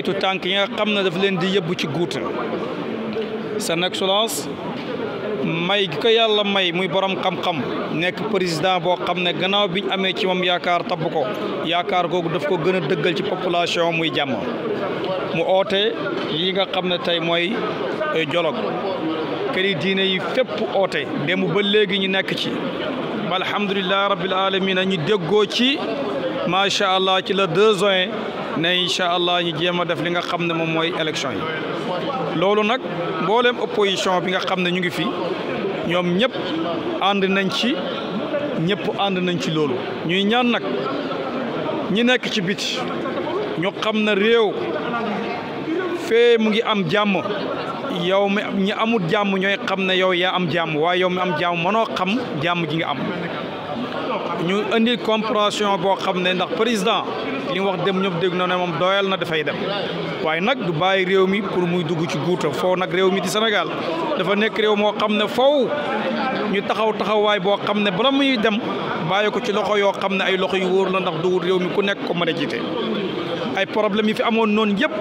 moytu tànk yi nga xam ne daf leen di yëbbu ci guuta son excellence may gi ko yàlla may muy borom xam-xam nekk président boo xam ne gannaaw biñ amee ci moom yaakaar tabb ko yaakaar googu daf ko gën a dëggal ci population muy jàmm mu oote yi nga xam ne tey mooy dialogue euh, kër yi diine yi fépp oote démb ba léegi ñu nekk ci alhamdulilah rabbil alamin ñu déggoo ci macha allah ci la deux ans ne incha allah ñu jéem a def li nga xam ne moom mooy élection yi loolu nag mbooleem opposition bi nga xam ne ñu ngi fi ñoom ñëpp ànd nañ ci ñëpp ànd nañ ci loolu ñuy ñaan nag ñi nekk ci biti ñu xam na réew fee mu ngi am jàmm yow mi ñi amul jàmm ñooy xam ne yow yaa am jàmm waaye yow mi am jàmm mënoo xam jàmm ji nga am ñu indi compréhension boo xam ne ndax président li wax dem ñëpp dégg na ne moom doyal na dafay dem waaye nag du bàyyi réew mi pour muy dugg ci guuto foofu nag réew mi di Sénégal dafa nekk réew moo xam ne foofu ñu taxaw taxawaay boo xam ne bala muy dem bàyyi ko ci loxo yoo xam ne ay loxo yu wóor la ndax duwul réew mi ku nekk ko mën a jiite ay problème yi fi amoon noonu yëpp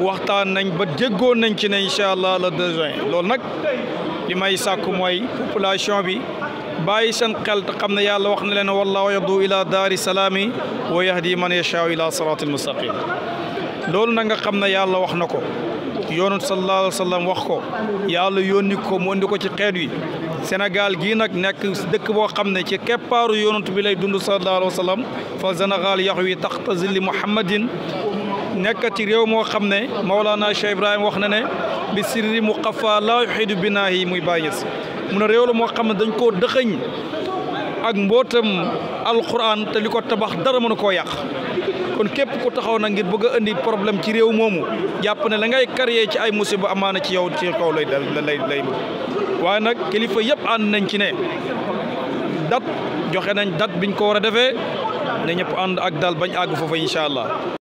waxtaan nañ ba déggoon nañ ci ne incha allah le 2 juin loolu nag limay may sàkku mooy population bi bàyyi seen xel ta xamna yàlla wax na len wallahu yadu ila daari salaami wa yahdi man yasha ila siraatil mustaqim loolu na nga xamna yàlla wax nako ko sallallahu alaihi wasallam wax ko yàlla yónni ko mu indi ci xeet wi Sénégal gi nak nek dëkk bo xamne ci keparu yonent bi lay dund sallallahu alaihi wasallam fa Sénégal yahwi taxta zilli Muhammadin nekk ci réew moo xam ne Mawlana Cheikh Ibrahima wax na ne bi sirri mu xafa laa yuxidu binaahi muy bàyyi si mu ne réew la moo xam ne dañ koo dëxëñ ak mbootam alquran te li ko tabax dara mënu koo yàq kon képp ku taxaw na ngir bëgg a indi problème ci réew moomu jàpp ne la ngay créer ci ay musiba amaana ci yow ci kaw lay lay lay waaye nag kilifa yëpp ànd nañ ci ne dat joxe nañ dat biñ ko war a defee ne ñëpp ànd ak daal bañ àgg foofa incha allah.